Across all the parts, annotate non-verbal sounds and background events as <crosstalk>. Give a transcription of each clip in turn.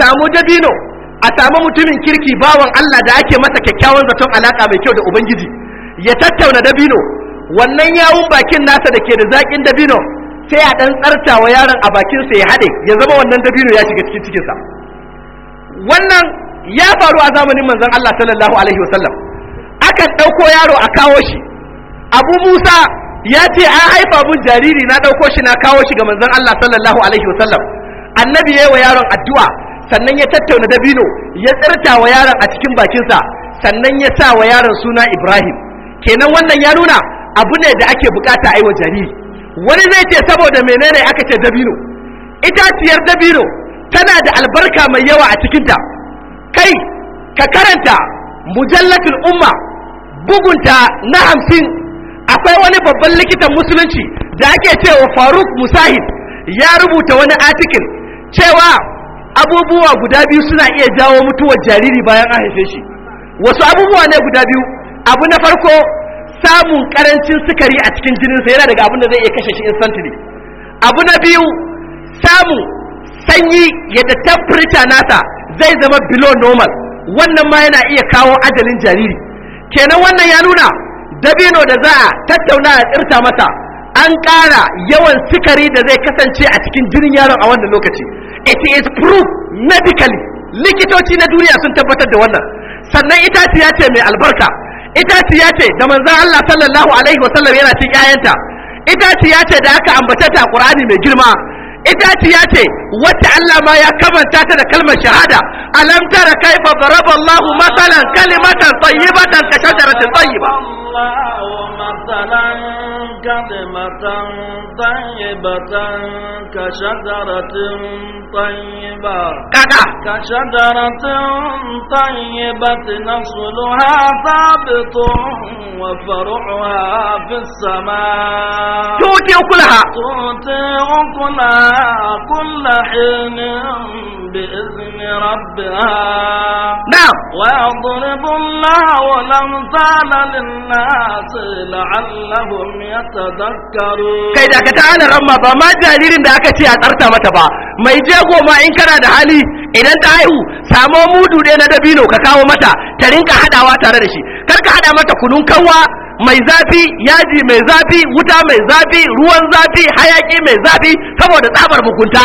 samu dabino a samu mutumin kirki bawan Allah da ake masa kyakkyawan zaton alaka mai kyau da ubangiji ya tattauna dabino wannan yawun bakin nasa da ke da zaƙin dabino sai a ɗan tsartawa yaron a bakinsa ya haɗe ya zama wannan dabino ya shiga cikin cikinsa wannan ya faru a zamanin manzon Allah sallallahu alaihi wasallam akan ɗauko yaro a kawo shi abu musa ya ce an haifa mun jariri na ɗauko shi na kawo shi ga manzon Allah sallallahu alaihi wasallam annabi wa yaron addu'a sannan ya tattauna dabino ya tsirta wa yaron a cikin bakinsa sannan ya sa wa yaron suna ibrahim kenan wannan ya nuna abu ne da ake bukata a yi wa jariri wani zai ce saboda menene aka ce dabino itaciyar dabino tana da albarka mai yawa a cikinta kai ka karanta mujallatul umma bugunta na hamsin akwai wani babban likitan musulunci da ake cewa faruk musahid ya rubuta wani atikin cewa abubuwa guda biyu suna iya jawo mutuwar jariri bayan an haife shi wasu abubuwa ne guda biyu abu na farko samun karancin sukari a cikin jininsa yana daga abin da zai iya kashe shi instantly abu na biyu samun sanyi yadda temperature nasa zai zama below normal wannan ma yana iya kawo ajalin jariri kenan wannan ya nuna dabino da za a tattauna a tsirta masa an ƙara yawan sukari da zai kasance a cikin jinin yaron a wannan lokaci it is proof medically likitoci na duniya sun tabbatar da wannan sannan itaciya ce mai albarka itaciya ce da manzon Allah sallallahu alaihi wasallam yana cin 'ya'yanta itaciya ce da aka ambata ta Qur'ani mai girma itaciya ce wacce Allah ma ya kamanta ta da kalmar shahada alam tara kaifa daraba Allah masalan kalimatan tayyibatan ka shajaratin tayyiba الله مثلا كلمة طيبة كشجرة طيبة كشجرة طيبة نصلها ثابت وفرعها في السماء تؤتي أكلها تؤتي أكلها كل حين بإذن ربها نعم ويضرب الله الأمثال للناس لعلهم يتذكرون كيدا كتعالى رمى بما جاليرين داك تيا ترتا متبا ما يجيغو ما إن كان دهالي idan ta haihu samo mudu ne na dabino ka kawo mata ta rinka hadawa tare da shi kar ka hada mata kunun kanwa mai zafi yaji mai zafi wuta mai zafi ruwan zafi hayaki mai zafi saboda tsabar mugunta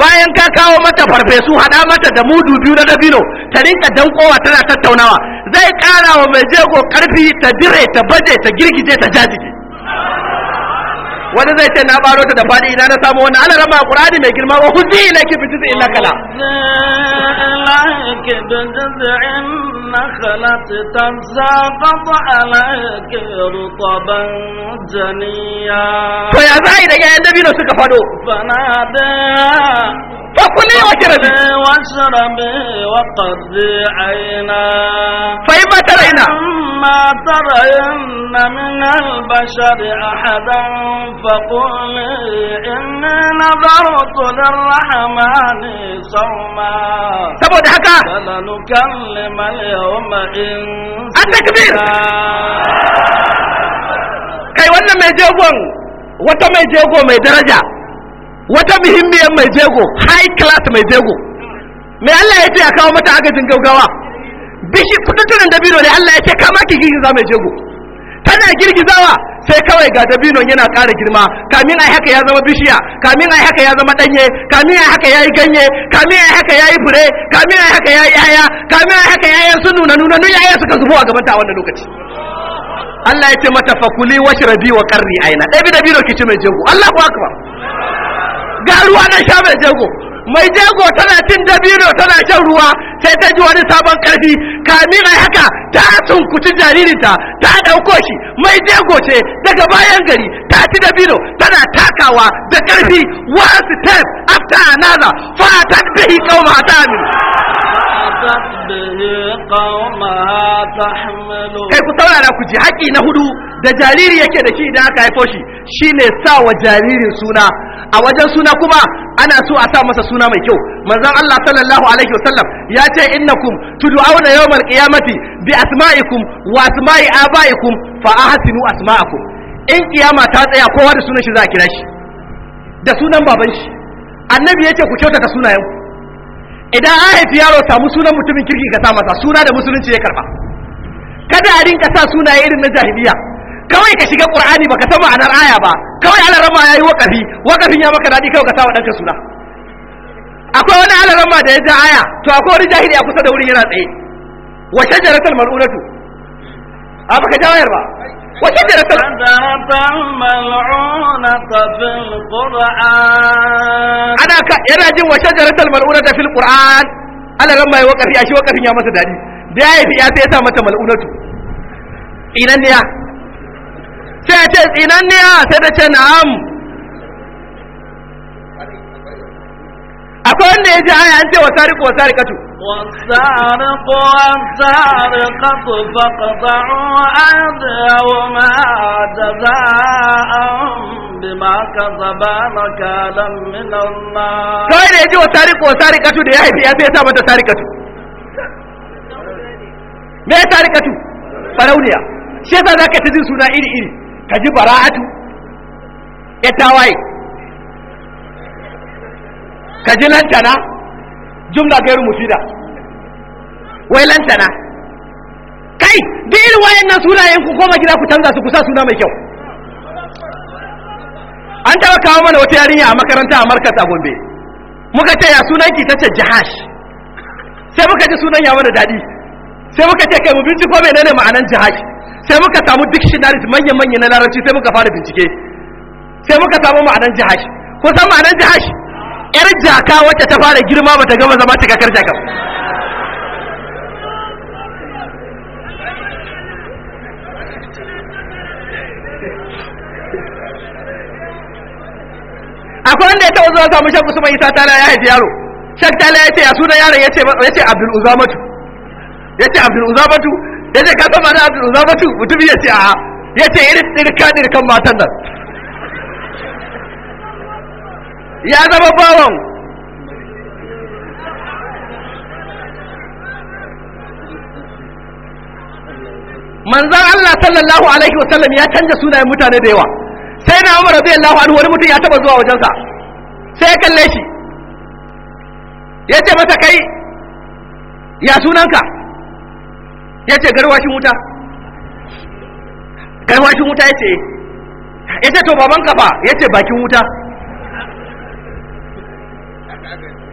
bayan ka kawo mata farfesu hada mata da mudu biyu na dabino ta rinka dankowa tana tattaunawa zai kara wa mai jego karfi ta dire ta baje ta girgije ta jajije wani zai ce na baro ta da fadi ina na samu wannan ana raba qur'ani mai girma wa huzi ilayki bi jiz'in nakala ilayki bi jiz'in nakala tasaqat alayki rutaban janiya ya suka fado bana فكلي واشربي واشربي وقضي عينا فإما ترينا ما ترين من البشر أحدا فقولي إني نظرت للرحمن صوما سبوت حكا فلنكلم اليوم ان التكبير كي وانا ميجي wata mai jego mai daraja wata muhimmiyar mai jego high class mai jego mai Allah ya ce a kawo mata agajin gaugawa bishi kuduttunan dabino ne Allah ya ce kama ki girgiza mai jego tana girgizawa sai kawai ga dabino yana ƙara girma kamin ai haka ya zama bishiya kamin ai haka ya zama danye kamin ai haka yayi ganye kamin ai haka yayi fure kamin ai haka yayi yaya kamin ai haka yayan sun nuna nuna nuna yaya suka zubo a gaban a wannan lokaci Allah ya ce mata fakuli washrabi wa qarri aina bi dabino ki ci mai jego Allahu akbar ga ruwa na sha mai jego mai jego tana cin dabino tana shan ruwa sai ta ji wani sabon karfi kamin a haka ta sunkuci jaririnta ta ɗauko shi mai jego ce daga bayan gari ta ci dabino tana takawa da karfi one step after another fa bihi kawo mata atamin kai ku saurara ku ji haƙi na hudu da jariri yake da shi idan aka haifo shi shine sa wa jaririn suna a wajen suna kuma ana so a sa masa suna mai kyau manzon Allah sallallahu alaihi wasallam ya ce innakum tud'auna yawmal qiyamati bi asma'ikum wa asma'i abaikum fa ahsinu asma'akum in kiyama ta tsaya kowa da sunan shi za a kira shi da sunan baban shi annabi ce ku kyautata sunayen idan an haifi yaro samu sunan mutumin kirki ka sa masa suna da musulunci ya karba kada a rinka sa sunaye irin na jahiliya kawai ka shiga qur'ani baka san ma'anar aya ba kawai alarama yayi wakafi wakafin ya maka dadi kawai ka sa wa suna akwai wani rama da ya ja aya to akwai wani jahiliya kusa da wurin yana tsaye wa shajaratul mar'unatu a baka jawayar ba وشجرة شجرة الملعونة في القرآن أنا ك... أنا وشجرة الملعونة في القرآن أنا لما يوقف يا شو وقف يا مسدادي da ya yi ya sai ya sa mata mal'unatu tsinanniya sai ya ce tsinanniya sai ta ce na'am akwai wanda ya ji aya an ce wa sariku wa sarikatu والسارق والسارقة فاقطعوا أيديهما جزاء بما كسبا نكالا من الله كاي da yaji wa sariqo sariqatu da ya haifi ya sai ya sa mata sariqatu me ya sariqatu farauniya shi yasa zaka ta jin suna iri iri ka ji bara'atu ya tawaye ka ji lantana jumla gairu mufida wai lantana kai duk irin wayannan sunayen ku koma gida ku canza su kusa suna mai kyau an taba kawo mana wata yarinya a makaranta a markas a gombe muka ce ya sunan ki ta ce jahash sai muka ji sunan ya mana daɗi sai muka ce kai mu binciko ne-ne ma'anan jahash sai muka samu dictionary manyan manyan na larabci sai muka fara bincike sai muka samu ma'anan jahash ko san ma'anan jahash yar jaka wacce ta fara girma ba ta gama zama cikakkar jaka akwai wanda ya taɓa zuwa samun shan su mai tala ya haifi yaro shan tala ya ce ya suna yaron ya ce abdul uzamatu ya ce abdul uzamatu ya ce kasa san ma'ana abdul uzamatu mutum ya ce a ya ce irin ɗirka kan matan nan ya zama bawan manzan Allah sallallahu alaihi wasallam ya canja sunayen mutane da yawa sai na Umar radiyallahu anhu wani mutum ya taba zuwa wajensa sai ya kalle shi ya ce masa kai ya sunanka ya ce garwashin wuta garwashin wuta ya ce eh, ya ce to baban kafa ya ce bakin wuta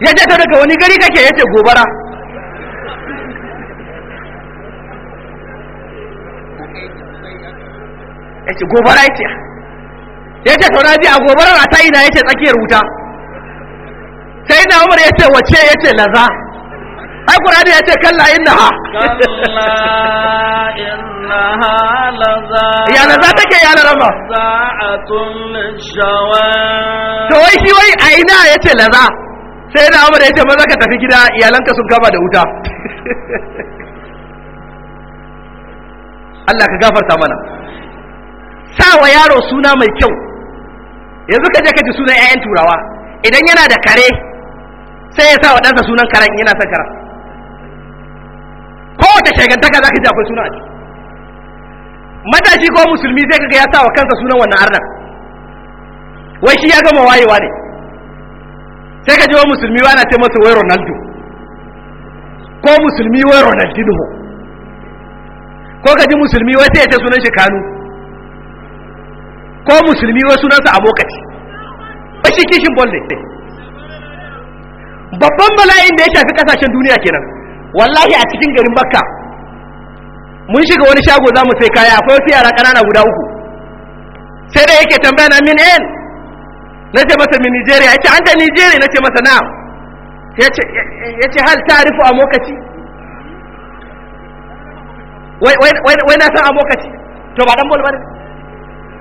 ya ta daga wani gari kake ya ce gobara ya ce gobara ya ce ya ce a gobarar a ta ina ya ce tsakiyar wuta sai na umar ya ce wace ya ce laza ai kurani ya ce kalla inna ha ya laza take ya larama to wai shi wai a ina ya ce laza sai na amur ya ce maza ka tafi gida iyalanka sun kama da wuta Allah ka gafarta mana sawa yaro suna mai kyau yanzu ka je ka ji sunan 'ya'yan turawa idan yana da kare sai ya sa wa ɗansa sunan karen yana son karen kowace shagantaka za ka ji akwai suna a ciki matashi ko musulmi sai kaga ya sa wa kansa sunan wannan arnar wai shi ya gama wayewa ne sai ka ji wa musulmi wa ana ce masa wai ronaldo ko musulmi wai ronaldinho ko ka ji musulmi wai sai ya ce sunan shi kanu ko musulmi wai sunansa abokaci ba shi kishin bolle babban bala'in da ya shafi kasashen duniya kenan wallahi a cikin garin Bakka mun shiga wani shago za mu sai kaya akwai wasu yara ƙanana guda uku sai da yake tambaya na min en? na ce masa min nigeria ya ce an ta nigeria na ce masa na ya ce hal tarifu a mokaci wai na san a mokaci to ba dan bol ba ne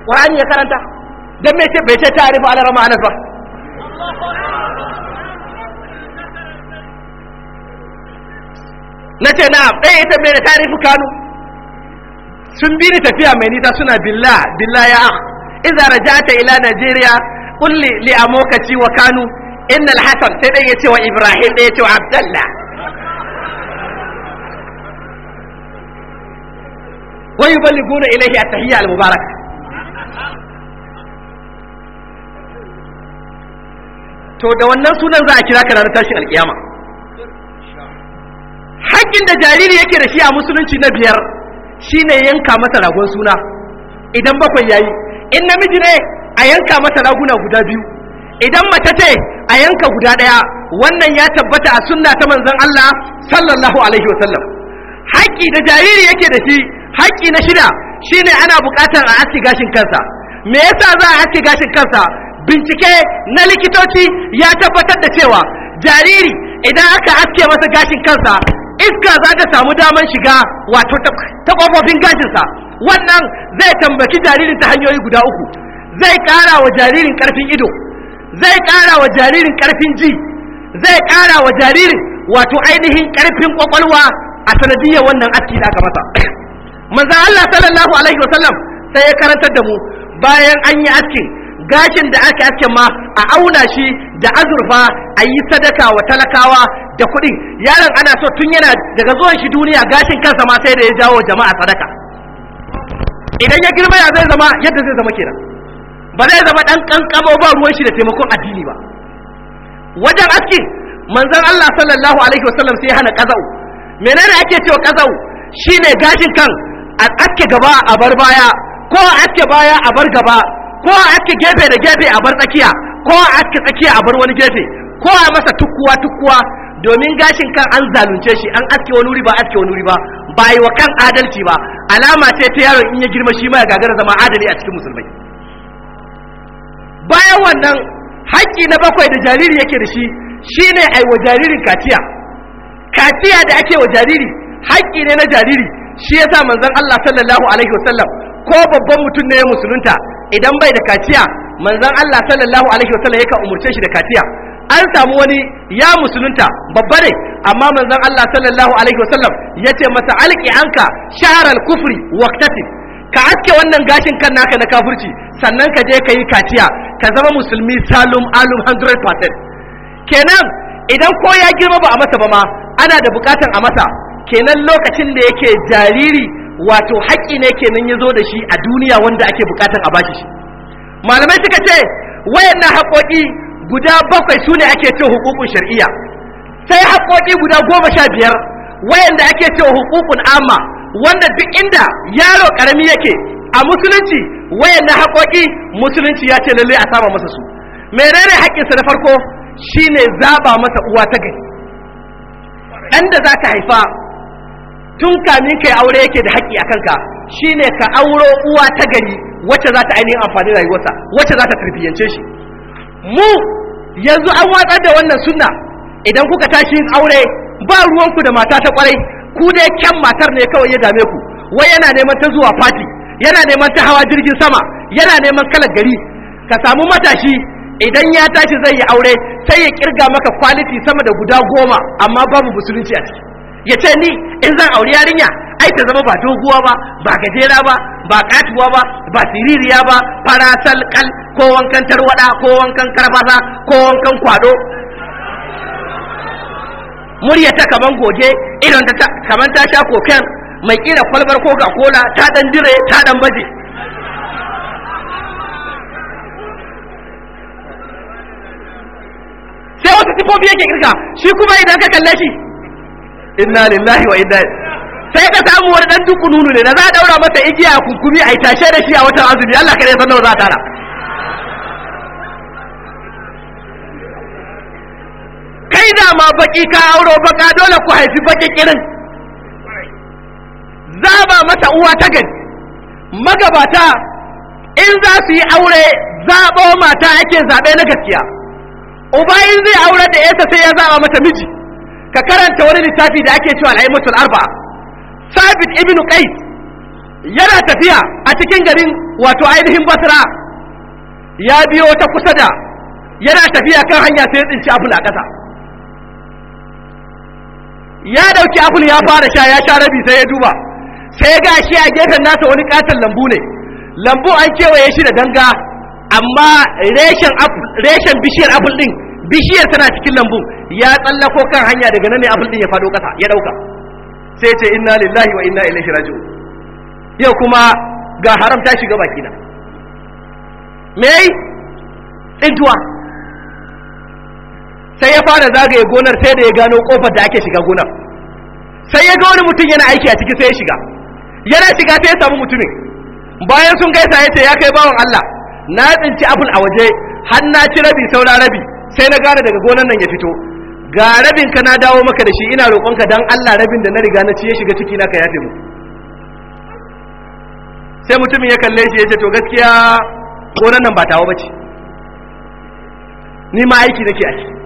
ƙwarani ya karanta don me ce bai ce tarifu ala rama anas ba na ce na ɗaya eh, ita mai da tarifu kanu sun bi ni tafiya mai nisa suna billah billah ya ah idza raja'ta ila najeriya kulli li amokaci wa kanu innal hasan sai dai yace wa ibrahim dai yace wa abdullah bali gona ilahi a tahiyya al-mubarak to da wannan sunan za a kira ka ranar tashin alkiyama hakkin da jariri yake da shi a musulunci na biyar shine yanka masa ragon suna idan bakwai yayi in namiji ne a yanka mata raguna guda biyu idan mace ce a yanka guda ɗaya wannan ya tabbata a sunna ta manzon Allah sallallahu alaihi wasallam haƙƙi da jariri yake da shi haƙƙi na shida shine ana buƙatar a aski gashin kansa me yasa za a aski gashin kansa bincike na likitoci ya tabbatar da cewa jariri idan aka aske masa gashin kansa iska za ta samu daman shiga wato ta kofofin gashinsa wannan zai tambaki jaririn ta hanyoyi guda uku zai kara wa jaririn karfin ido zai ƙara wa jaririn ƙarfin ji zai ƙara wa jaririn wato ainihin karfin ƙwaƙwalwa a sanadiyar wannan aski da aka masa <clears throat> manzo Allah sallallahu alaihi wasallam sai ya karantar da mu bayan an yi askin gashin da aka aske ma a auna shi da azurfa a yi sadaka wa talakawa da kuɗi yaron ana so tun yana daga zuwan shi duniya gashin kansa ma sai da ya jawo jama'a sadaka idan ya girma ya zai zama yadda zai zama kenan ba zai zama ɗan kankamo ba ruwan shi da taimakon addini ba wajen aski manzon Allah sallallahu alaihi wasallam sai hana ƙazau. menene ake cewa kazau shine gashin kan a aske gaba a bar baya ko a aske baya a bar gaba ko a aske gefe da gefe a bar tsakiya ko a aske tsakiya a bar wani gefe ko a masa tukkuwa tukkuwa domin gashin kan an zalunce shi an aske wani wuri ba aske wani wuri ba ba yi wa kan adalci ba alama ce ta yaron in ya girma shi ma ya gagara zama adali a cikin musulmai bayan wannan haƙƙi na bakwai da jariri yake da shi shi yi wa jaririn kaciya kaciya da ake wa jariri haƙƙi ne na jariri shi ya yasa manzan Allah sallallahu alaihi wasallam ko babban mutum ne ya musulunta idan bai da kaciya manzan Allah sallallahu alaihi wasallam ka umurce shi da kaciya an samu wani ya musulunta babba ne amma manzon Allah sallallahu alaihi wasallam ce masa alqi anka sharal kufri waqtatin ka aske wannan gashin kan naka na kafurci sannan ka je ka yi kaciya ka zama musulmi salum alum 100% kenan idan ko ya girma ba a masa ba ma ana da bukatan a masa kenan lokacin da yake jariri wato haƙƙi ne kenan ya zo da shi a duniya wanda ake bukatan a bashi shi malamai suka ce wayannan haƙoƙi guda bakwai su ne ake ce hukukun shari'a sai haƙoƙi guda goma sha biyar wayanda ake ce hukukun amma wanda duk inda yaro karami yake a musulunci wayan na haƙoƙi musulunci ya ce lalle a saba masa su menene haƙƙinsa na farko shine zaba masa uwa ta gari ɗan da za ka haifa tun kamin kai aure yake da haƙƙi a kanka shine ka auro uwa ta gari wacce za ta ainihin amfani rayuwarsa wacce za ta tarbiyyance shi mu yanzu an watsar da wannan sunna idan kuka tashi aure ba ruwanku da mata ta kwarai ku dai kyan matar ne kawai ya dame ku wai yana neman ta zuwa fati yana neman ta hawa jirgin sama yana neman kalar gari ka samu matashi idan ya tashi zai yi aure sai ya kirga maka kwaliti sama da guda goma amma babu musulunci a ciki ya ce ni in zan auri yarinya ai ta zama ba doguwa ba ba gajera ba ba katuwa ba ba siririya ba farasal kal ko wankan tarwada ko wankan karfasa ko wankan kwado murya ta kaman goge idan ta kaman ta sha koken mai kira kwalbar koka kola ta dan dire ta dan baje sai wasu sifofi yake kirka shi kuma idan ka kalle shi inna lillahi wa inna sai ka samu wani dan dukununu ne na za a daura masa igiya kunkumi a tashe da shi a watan azumi Allah kare san nawa za ta tara kai da ma baki ka auro baka dole ku haifi baki kirin ba mata uwa ta gani. magabata in za su yi aure zaɓo mata ake zaɓe na gaskiya uba in zai aure da yasa sai ya zaɓa mata miji ka karanta wani littafi da ake cewa al'aimatul arba sabit ibn qais yana tafiya a cikin garin wato ainihin basra ya biyo ta kusa da yana tafiya kan hanya sai ya tsinci abu na ƙasa ya dauki apple ya fara sha ya sha rabi sai ya duba sai ga shi a gefen nasa wani katon lambu ne lambu an kewaye shi da danga amma reshen reshen bishiyar apple din bishiyar tana cikin lambu ya tsallako kan hanya daga nan ne apple din ya fado kasa ya dauka sai ce inna lillahi wa inna ilaihi raji'un yau kuma ga haramta ta shiga bakina me tsintuwa sai ya fara zagaye gonar sai da ya gano kofar da ake shiga gonar sai ya ga wani mutum yana aiki a ciki sai ya shiga yana shiga sai ya samu mutumin bayan sun gaisa ya ce ya kai bawan Allah na tsinci aful a waje har na ci rabi saura rabi sai na gane daga gonar nan ya fito ga rabin ka na dawo maka da shi ina roƙonka dan Allah rabin da na riga na ci ya shiga ciki na ka yafe mu sai mutumin ya kalle shi ya ce to gaskiya gonar nan ba tawo bace ni ma aiki nake aiki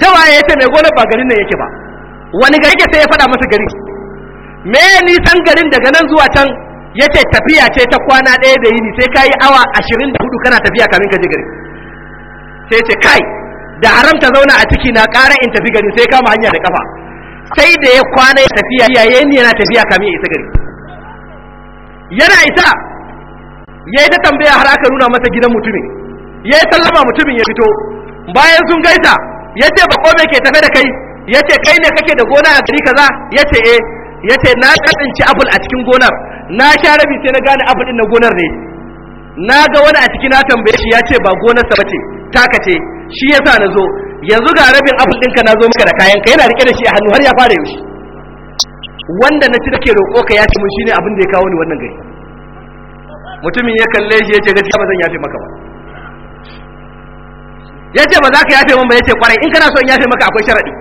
ta waye ya ce mai gonar ba garin nan yake ba wani gari ke sai ya faɗa masa gari me nisan garin daga nan zuwa can ya ce tafiya ce ta kwana ɗaya da yini sai ka yi awa ashirin da hudu kana tafiya kamin ka je gari sai ce kai da haramta zauna a ciki na ƙara in tafi gari sai kama hanya da kafa sai da ya kwana ya tafiya yayin yana tafiya kamin ya isa gari yana isa ya yi ta tambaya har aka nuna masa gidan mutumin ya yi sallama mutumin ya fito bayan sun gaisa yace bako me ke tafe da kai yace kai ne kake da gona a gari kaza yace eh yace na tsinci abul a cikin gonar na sha rabi sai na gane abul din na gonar ne na ga wani a cikin na tambaye shi yace ba gonar sa bace taka ce shi yasa na zo yanzu ga rabin abul ɗinka na zo maka da kayan ka yana rike da shi a hannu har ya fara yaushe wanda na ci ke roƙo ka yace mun shine abin da ya kawo ni wannan gari mutumin ya kalle shi yace gaskiya ba zan yafe maka ba ya ce ba za ka yafe min ba ya ce kwarai in kana so in yafe maka akwai sharaɗi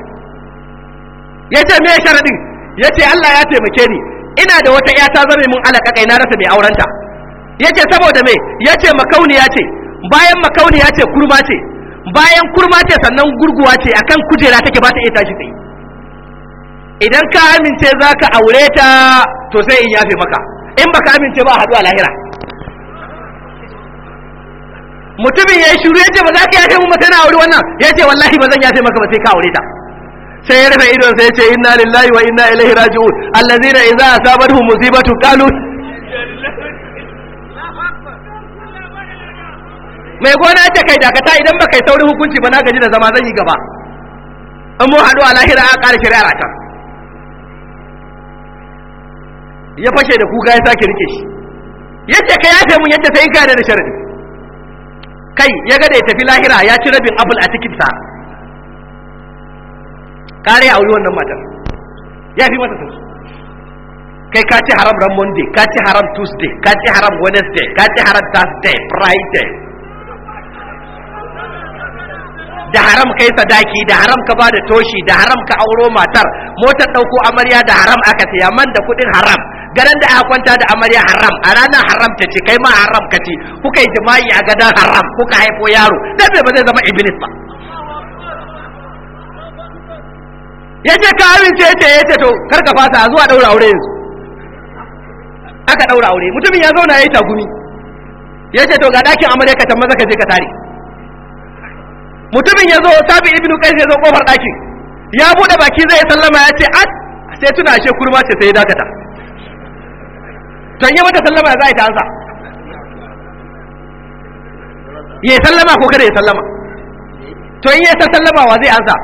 ya ce me sharaɗin ya ce Allah ya taimake ni ina da wata ya ta zame mun alaƙa kai na rasa mai aurenta ya ce saboda me ya ce makauniya ce bayan makauniya ce kurma ce bayan kurma ce sannan gurguwa ce akan kujera take ba ta iya tashi tsaye idan ka amince za ka aure to sai in yafe maka in baka amince ba a haɗu a lahira mutumin ya yi shiru ya ce ba za ka yafe mun sai na aure wannan ya ce wallahi ba zan yafe maka ba sai ka aure ta sai ya rufe idon sai ya ce inna lillahi wa inna ilaihi raji'un allazina idza asabatuhum musibatu qalu mai gona ta kai dakata idan ba kai saurin hukunci ba na gaji da zama zan yi gaba an mu haɗu a lahira a ƙara shari'ar ta ya fashe da kuka ya sake rike shi yace ka yafe mun yace sai in ka da sharadi kai ya ga da ya tafi lahira ya ci rabin abul a cikinsa kare a auri wannan matar ya fi masa sun kai ka ci haram ran monday ka ci haram tuesday ka ci haram wednesday ka ci haram thursday friday da haram kai sadaki da haram ka bada toshi da haram ka auro matar motar ɗauko amarya da haram aka siya man da kuɗin haram garan da aka kwanta da amarya haram a ranar haram ta ce kai ma haram ka ce kuka yi jima'i a gadon haram kuka haifo yaro dan ba zai zama iblis ba yace ka amince yace yace to kar ka fasa zuwa daura aure yanzu aka daura aure mutumin ya zauna yayi tagumi yace to ga dakin amarya ka tamma ka je ka tare mutumin ya zo sabi ibnu kaisa ya zo kofar dakin ya bude baki zai sallama yace at sai tuna ashe kurma ce sai dakata to yi mata sallama za a yi ta ansa ya sallama ko kada ya sallama to in ya san sallama wa zai ansa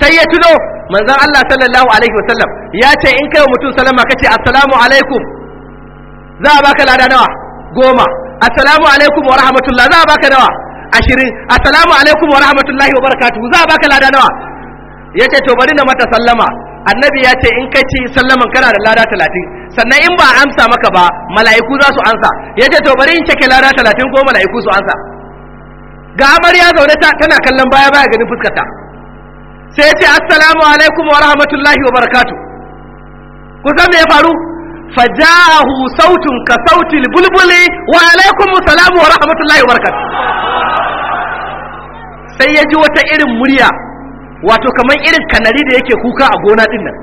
sai ya tuno manzon Allah sallallahu alaihi wasallam ya ce in kai mutum sallama kace assalamu alaikum za a baka lada nawa goma assalamu alaikum wa rahmatullah za a baka nawa ashirin assalamu alaikum wa rahmatullahi wa barakatuhu za a baka lada nawa Ya ce to bari na mata sallama annabi ya ce in ka ci sallaman kana da lada talatin sannan in ba a amsa maka ba mala'iku za su ansa ya ce to bari in cike lada talatin ko mala'iku su ansa ga amarya zaune ta tana kallon baya baya ganin fuskarta sai ya ce assalamu alaikum wa rahmatullahi wa barakatu ku san me ya faru fajahu sautun ka sautil bulbuli wa alaikum salamu wa rahmatullahi wa barakatu sai ya ji wata irin murya wato kamar irin kanari da yake kuka a gona din nan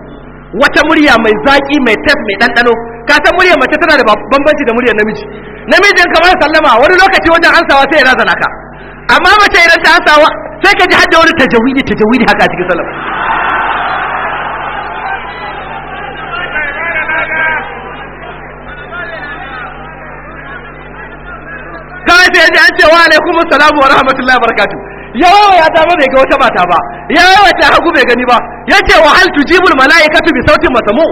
wata murya mai zaki mai tas mai ɗanɗano ka san muryar mace tana da bambanci da muryar namiji namijin kamar sallama wani lokaci wajen ansawa sai ya razana ka amma mace idan ta ansawa sai ka ji hadda wani tajawidi tajawidi haka a cikin sallama kawai sai ya ji an ce wa alaikum salamu wa rahmatullahi wa barakatuh ya ya ta bai ga wata mata ba ya wawa ta hagu bai gani ba yace wa hal tujibul malaikatu bi sautin masamu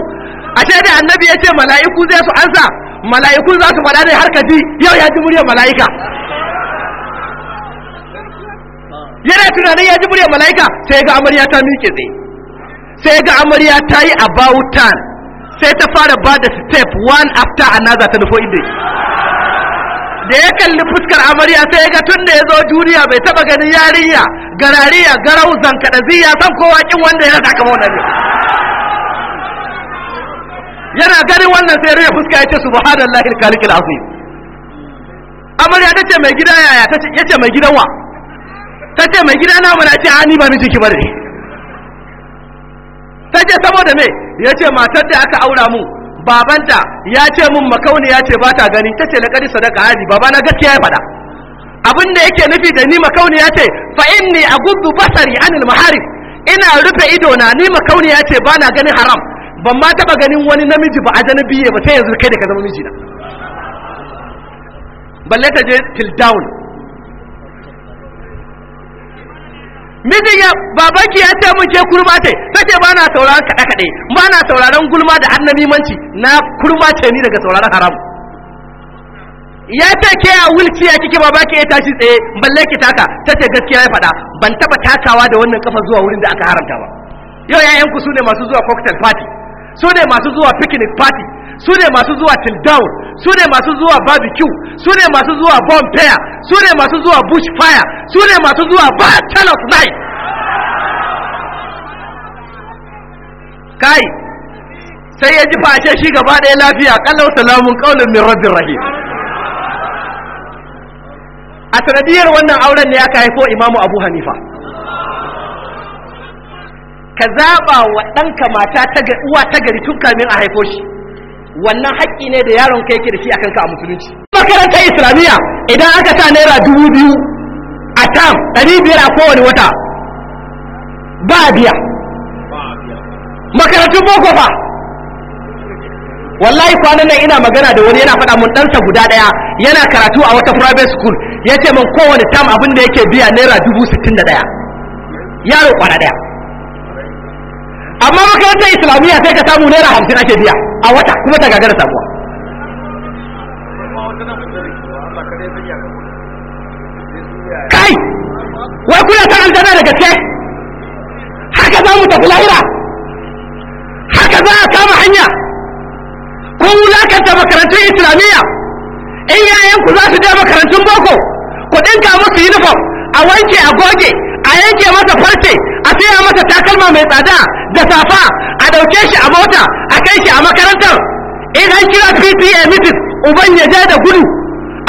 ashe dai annabi yace malaiku zai su ansa malaiku za su faɗa dai har ka ji yau ya ji muryar malaika yana tunanin ya ji muryar malaika sai ga amarya ta miƙe tsaye sai ga amarya ta yi about time sai ta fara ba da step one after another ta nufo inda da ya kalli fuskar amarya sai ya ga tun da ya zo duniya bai taba ganin yarinya garariya garau ziya san kowa wakin wanda ya saka mauna ne yana ganin wannan sai rufe fuska ya ce subhanallahi al-khaliqul azim amarya ta ce mai gida yaya ta ce mai gidan wa ta ce mai gida na mana ce ani ah, ba ki bare ta ce saboda me ya ce matar da aka aura mu babanta ya ce mun makauniya ce ba ta gani ta ce na sadaka hadi ba na gaskiya ya faɗa abin da yake nufi da ni makauniya ce fa a gudu basari anil maharib ina rufe ido na ni makauniya ce bana na ganin haram ban ma taba ganin wani namiji ba a ajanabi ba sai yanzu kai da ka zama mijina balle ta je till down mijin ya babanki ya ce mun ke kurma ce kace ba na sauraron kaɗe kaɗe ba na sauraron gulma da annabi manci na kurma ce ni daga sauraron haram ya ce ke a wulciya kike babaki ya tashi tsaye balle ki taka ta ce gaskiya ya faɗa ban taɓa takawa da wannan kafa zuwa wurin da aka haramta ba yau 'ya'yanku su ne masu zuwa cocktail party su ne masu zuwa picnic party su ne masu zuwa tildown su ne masu zuwa barbecue su ne masu zuwa bonfire su ne masu zuwa bush fire su ne masu zuwa of night kai sai ya ji fashe shi gaba ɗaya lafiya kallau salamun ƙaunar min rabin rahim a sanadiyar wannan auren ne aka haifo imamu abu hanifa ka zaɓa wa ɗanka mata uwa ta gari tun kamin a haifo shi wannan haƙƙi ne da yaron ka yake da shi akan ka a musulunci makarantar islamiyya idan aka sa naira dubu biyu a tam ɗari biyar a kowane wata ba a biya makarantun boko fa wallahi kwanan nan ina magana da wani yana faɗa mun ɗansa guda ɗaya yana karatu a wata private school ya ce min kowane tam abin da yake biya naira dubu sittin da ɗaya yaro kwana ɗaya amma makarantar islamiyya sai ka samu naira hamsin ake biya a wata kuma ta gagara sabuwa kai wai kuna san aljanna da gaske haka za mu tafi lahira haka za a kama hanya ko wulakanta makarantun islamiyya in yayanku za su je makarantun boko ku ɗinka musu uniform a wanke a goge a yanke masa farce masa takalma mai tsada da safa a dauke shi a mota a kai shi a makarantar in an kira pta mitin uban ya je da gudu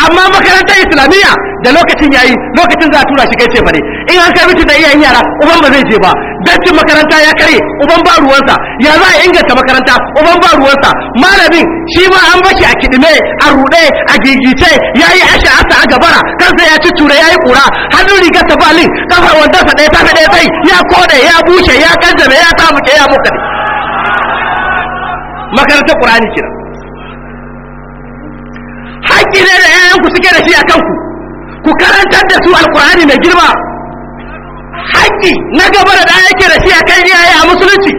amma makarantar islamiyya da lokacin yayi lokacin za a tura shi kai ce fare in an kai mutum da iyayen yara uban ba zai je ba bencin makaranta ya kare uban ba ruwansa ya za a inganta makaranta uban ba ruwansa malamin shi ma an bashi a kidime a ruɗe a gigice ya yi ashe asa a gabara kansa ya ci tura ya yi ƙura hannun riga ta balin kafa sa ɗaya ta ɗaya sai ya koɗe ya bushe ya kanzame ya muke ya ne makaranta kurani kira haƙƙi ne da 'ya'yanku suke da shi a kanku ku karantar da su Alkur'ani mai girma haƙƙi na gaba da da yake da shi a kan iyaye a musulunci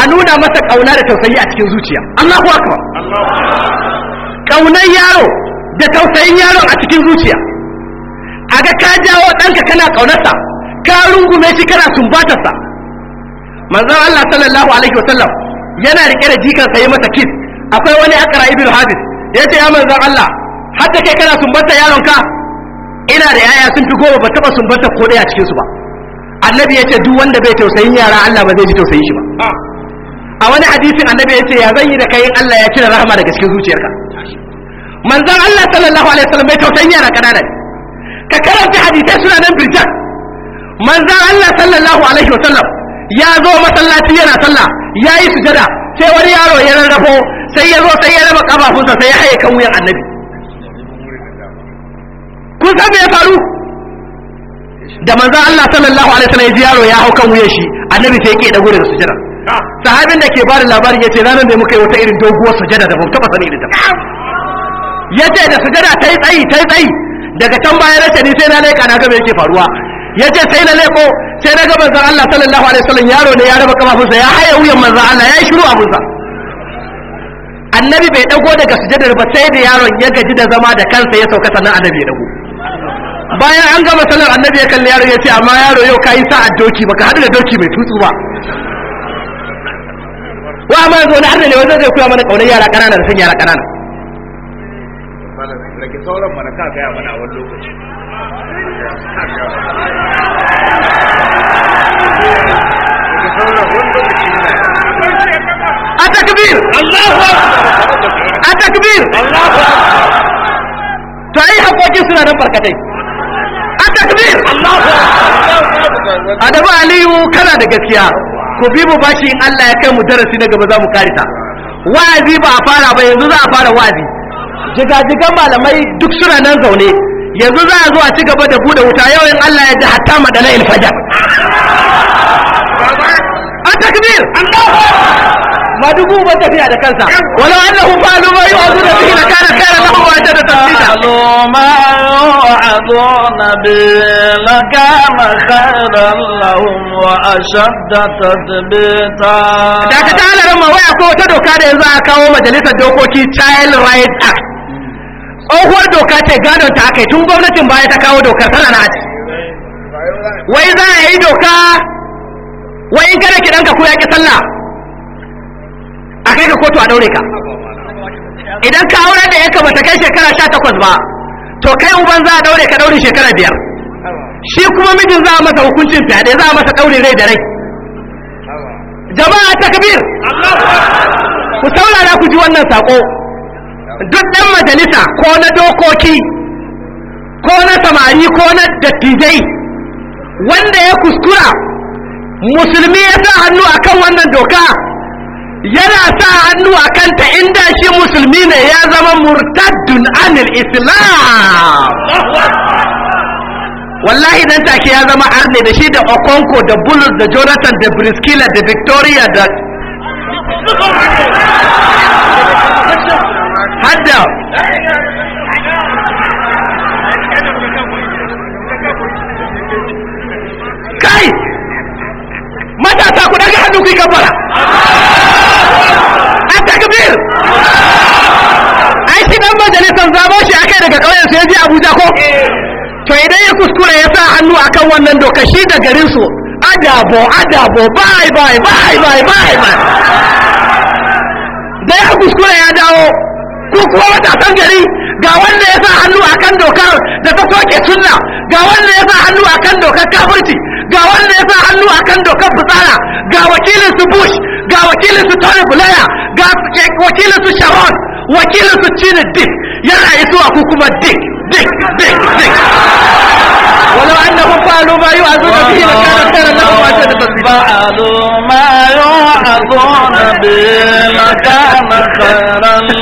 a nuna masa ƙauna da tausayi a cikin zuciya Allahu akbar ƙaunar yaro da tausayin yaro a cikin zuciya a ga ka jawo ɗanka kana ƙaunarsa ka rungume shi kana sumbatarsa manzon Allah sallallahu alaihi wasallam yana riƙe da jikan sai masa kit akwai wani akara ibnu hadis yace ya manzon Allah hatta kai kana sumbatar yaron ka ina da yaya sun fi goma ba taɓa sumbatar ko ɗaya cikin su ba annabi yace duk wanda bai tausayin yara Allah ba zai ji tausayin shi ba a wani hadisin annabi yace ya zan yi da kai Allah ya cire rahama daga cikin zuciyarka manzon Allah sallallahu alaihi wasallam bai tausayin yara kanana ka karanta hadisai suna nan birjan manzon Allah sallallahu alaihi wasallam ya zo masallaci yana sallah yayi sujada sai wani yaro ya rarrafo sai ya zo sai ya raba kafafunsa sai ya haye kan wuyan annabi kun san me ya faru da manzon Allah sallallahu alaihi wasallam ya ji yaro ya hau kan wuyan shi annabi sai yake da gurin sujada ah. sahabin da ke ba da labarin yace ranan da muka yi wata irin doguwar sujada da ba taba da ta yace da sujada ta yi tsayi ta yi tsayi daga can bayan race ni sai na leƙa na ga me yake faruwa yace sai na leƙo sai na ga manzon Allah sallallahu alaihi wasallam yaro ne ya raba kafafunsa ya haye wuyan manzon Allah ya yi shiru abunsa annabi bai dago daga sujadar ba sai da yaron ya gaji da zama da kansa ya sauka sannan annabi ya dago bayan an gama sallar annabi ya kalli yaro ya ce amma yaro yau kayi sa'a doki baka hadu da doki mai tutu ba wa amma yanzu wani arna ne wanda zai koya mana kaunar yara kanana da san yara kanana a takbir Allahu a takbir Allahu to ai hakokin suna nan barkatai takbir adabu aliyu kana da gaskiya ku bi mu bashi in Allah ya kai mu darasi na gaba za mu karita wa'azi ba a fara ba yanzu za a fara wa'azi jigajigan malamai duk suna nan zaune yanzu za a zo a ci gaba da bude wuta yau in Allah ya ji hatta madana ilfajar a takbir ba dubu ba tafiya da kansa wala annahu fa'alu ma yu'azuna bihi la kana khayran wa ajada tafsira walau ma yu'azuna nabi la kana khayran wa ashadda tadbita da ka ta alaran ma waya ko wata doka da yanzu aka kawo majalisar dokoki child rights act tsohuwar doka ce gadon ta aka yi tun gwamnatin baya ta kawo dokar tana na aji wai za a yi doka wai in kada ki danka ko ya ki sallah kai ka kotu a daure ka idan ka aure da yanka bata kai shekara sha takwas ba to kai uban za a daure ka daure shekara biyar shi kuma mijin za a masa hukuncin fyaɗe za a masa daure rai da rai jama'a takbir ku saurara ku ji wannan sako duk ɗan majalisa ko na dokoki ko na samari ko na dattijai wanda ya kuskura musulmi ya sa hannu akan wannan doka yana sa hannu a kanta inda shi musulmi ne ya zama murtaddun anil islam wallahi dan take ya zama arne da shi da okonko da bulus da jonathan da briskila da victoria da hadda kai matasa ku daga hannu ku yi kabbara dan majalisar zabo shi akai daga ƙauyen su ya je abuja ko eh. to idan ya kuskure ya sa hannu akan wannan doka shi da garin su adabo adabo bai bai bai bai bai bai da ya kuskure ya dawo ko kuma wata san gari ga wanda ya sa hannu akan dokar da ta soke sunna ga wanda ya sa hannu akan dokar kafirci ga wanda ya sa hannu akan dokar fitsara ga wakilin su bush ga wakilin su tony blair ga wakilin su sharon wakilin su cire dik yana isuwa ku kuma dik dik dik dik wala annahu qalu ma yu'azuna bihi la kana kana lahu ajrun ba'alu ma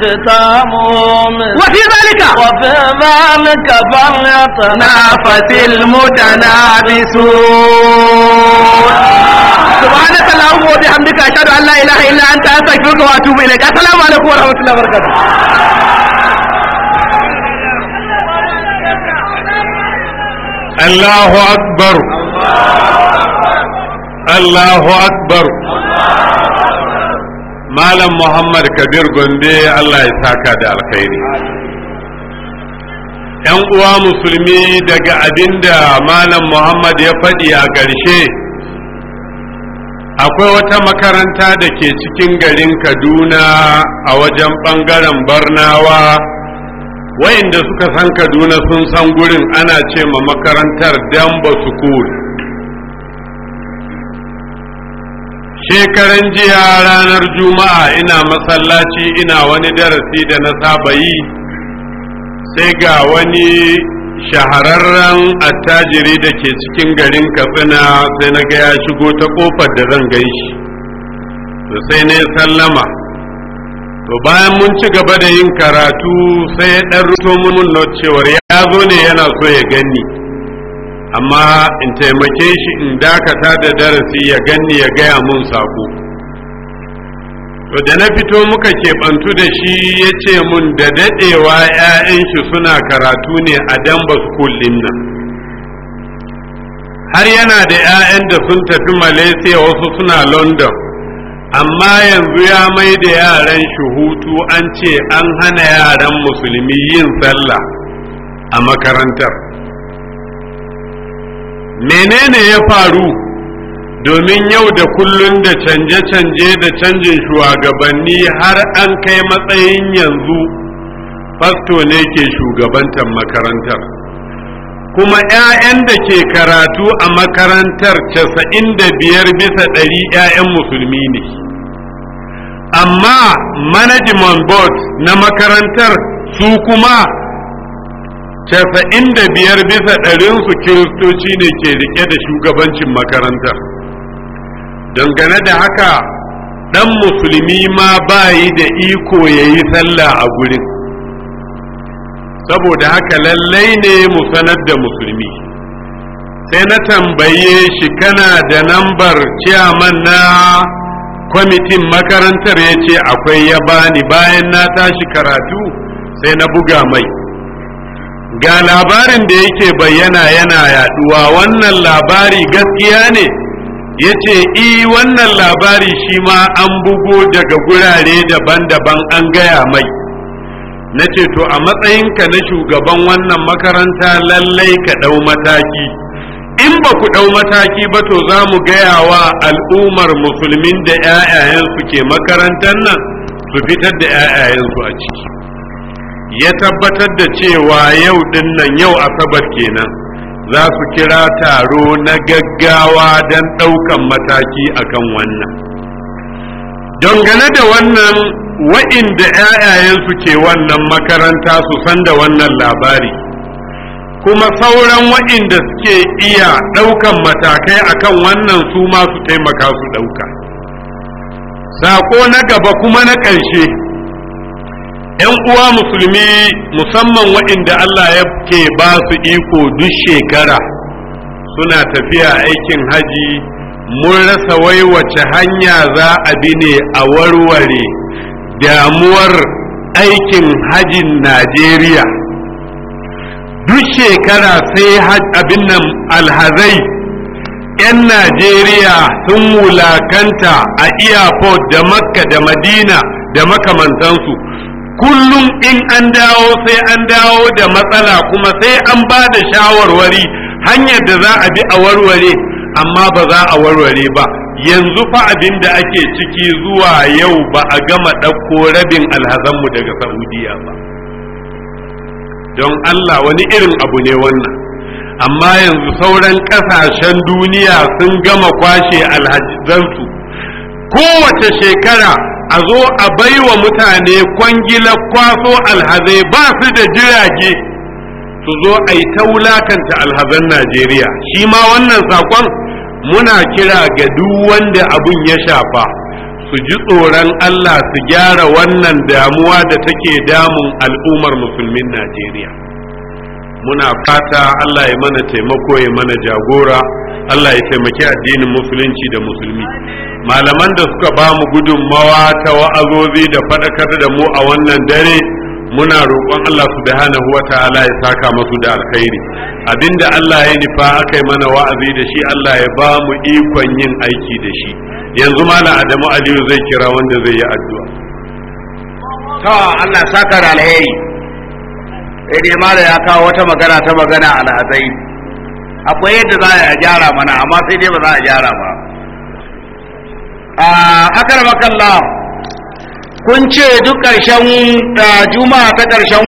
ختامهم وفي ذلك وفي ذلك فليتنافس المتنافسون سبحانك اللهم وبحمدك أشهد أن لا إله إلا أنت أستغفرك وأتوب إليك السلام عليكم ورحمة الله وبركاته الله أكبر الله أكبر الله أكبر malam muhammad kabir gombe allah ya saka da alkhairi yan uwa musulmi daga abinda malam muhammad ya faɗi a ƙarshe akwai wata makaranta da ke cikin garin kaduna a wajen ɓangaren barnawa wayanda suka san kaduna sun san gurin ana ce ma makarantar damba school shekaran jiya ranar juma'a ina masallaci ina wani darasi da na saba yi sai ga wani shahararren attajiri da ke cikin garin katsina sai na ga ya shigo ta kofar da zan gan shi to sai na sallama to bayan mun ci gaba da yin karatu sai ya ɗan ruso mun cewar ya zo ne yana so ya gani amma in taimake shi in dakata da darasi ya ganni ya gaya mun sako to da na fito muka keɓantu da shi ya ce mun da daɗewa 'ya'yan shi suna karatu ne a damba kullum nan har yana da 'ya'yan da sun tafi malaysia wasu suna london amma yanzu ya mai da yaran shi hutu an ce an hana yaran musulmi yin sallah a makarantar menene ya faru domin yau da kullun da canje-canje da canjin shugabanni har an kai matsayin yanzu fasto ne ke shugabantar makarantar kuma 'ya'yan da ke karatu a makarantar casa'in da biyar bisa ɗari 'ya'yan musulmi ne amma management board na makarantar su kuma casa'in da biyar bisa ɗarinsu kiristoci ne ke rike da shugabancin makaranta dangane da haka ɗan musulmi ma ba yi da iko ya yi sallah a gurin saboda haka lallai ne mu sanar da musulmi sai na tambaye shi kana da nambar ciyaman na kwamitin makarantar ya ce akwai ya bani bayan na tashi karatu sai na buga mai ga labarin da yake bayyana yana yaduwa wannan labari gaskiya ne ya ce i eh, wannan labari shi ma an bugo daga gurare daban-daban an gaya mai na ce to a matsayinka na shugaban wannan makaranta lallai ka ɗau mataki in ba ku ɗau mataki ba to za mu gaya wa al'ummar musulmin da 'ya'yayensu ke makarantar nan su fitar da 'ya'yayensu a ciki ya tabbatar da cewa yau dinnan yau asabar kenan za su kira taro na gaggawa don ɗaukan mataki akan wannan dangane da wannan wa'inda 'ya'yayensu ke wannan makaranta su san da wannan labari kuma sauran wa'inda suke iya ɗaukan matakai akan wannan su masu taimaka su ɗauka sako na gaba kuma na ƙarshe ‘yan uwa musulmi musamman waɗanda Allah ya ke ba su iko duk shekara suna tafiya aikin haji mun rasa wai wace hanya za a bi ne a warware damuwar aikin hajin Najeriya duk shekara sai abin nan alhazai ‘yan Najeriya sun wulakanta a iya da makka da madina da makamantansu kullum in an dawo sai an dawo da matsala kuma sai an ba da shawarwari hanyar da za a bi a warware amma ba za a warware ba yanzu fa abin da ake ciki zuwa yau ba a gama ɗauko rabin alhazanmu daga saudiya ba don allah wani irin abu ne wannan amma yanzu sauran ƙasashen duniya sun gama kwashe alhazansu kowace shekara a zo a bai wa mutane kwangila kwaso alhazai ba su da jirage su zo a yi ta wulakanta alhazan najeriya shi ma wannan sakon muna kira ga duk wanda abun ya shafa su ji tsoron allah su gyara wannan damuwa da take damun al'ummar musulmin najeriya muna fata Allah ya mana taimako ya mana jagora Allah ya taimaki addinin musulunci da musulmi malaman da suka ba mu gudunmawa ta wa'azozi da faɗakar da mu a wannan dare muna roƙon Allah subhanahu ta'ala ya saka masu da alkhairi abinda Allah ya nufa aka yi mana wa'azi da shi Allah ya ba mu ikon yin aiki da shi yanzu malam Adamu Aliyu zai kira wanda zai yi addu'a ta Allah saka da alheri sai dai ya kawo wata magana ta magana alhazai akwai yadda za a gyara mana amma sai dai ba za a gyara ba a akar makalla kun ce duk ƙarshen eh, juma'a ta ƙarshen